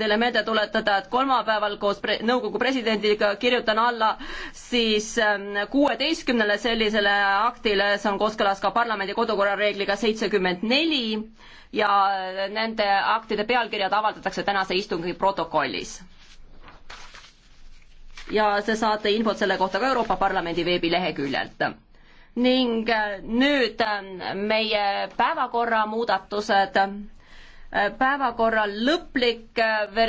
teile meelde tuletada, et kolmapäeval koos pre nõukogu presidendiga kirjutan alla siis ähm, kuueteistkümnele sellisele aktile, see on kooskõlas ka parlamendi kodukorra reegliga seitsekümmend neli ja äh, nende aktide pealkirjad avaldatakse tänase istungi protokollis. ja te saate infot selle kohta ka Euroopa Parlamendi veebileheküljelt ning äh, nüüd ähm, meie päevakorra muudatused päevakorra lõplik äh, ver-,